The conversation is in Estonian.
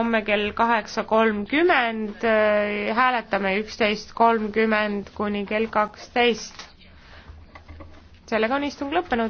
homme kell kaheksa kolmkümmend, äh, hääletame üksteist kolmkümmend kuni kell kaksteist. sellega on istung lõppenud.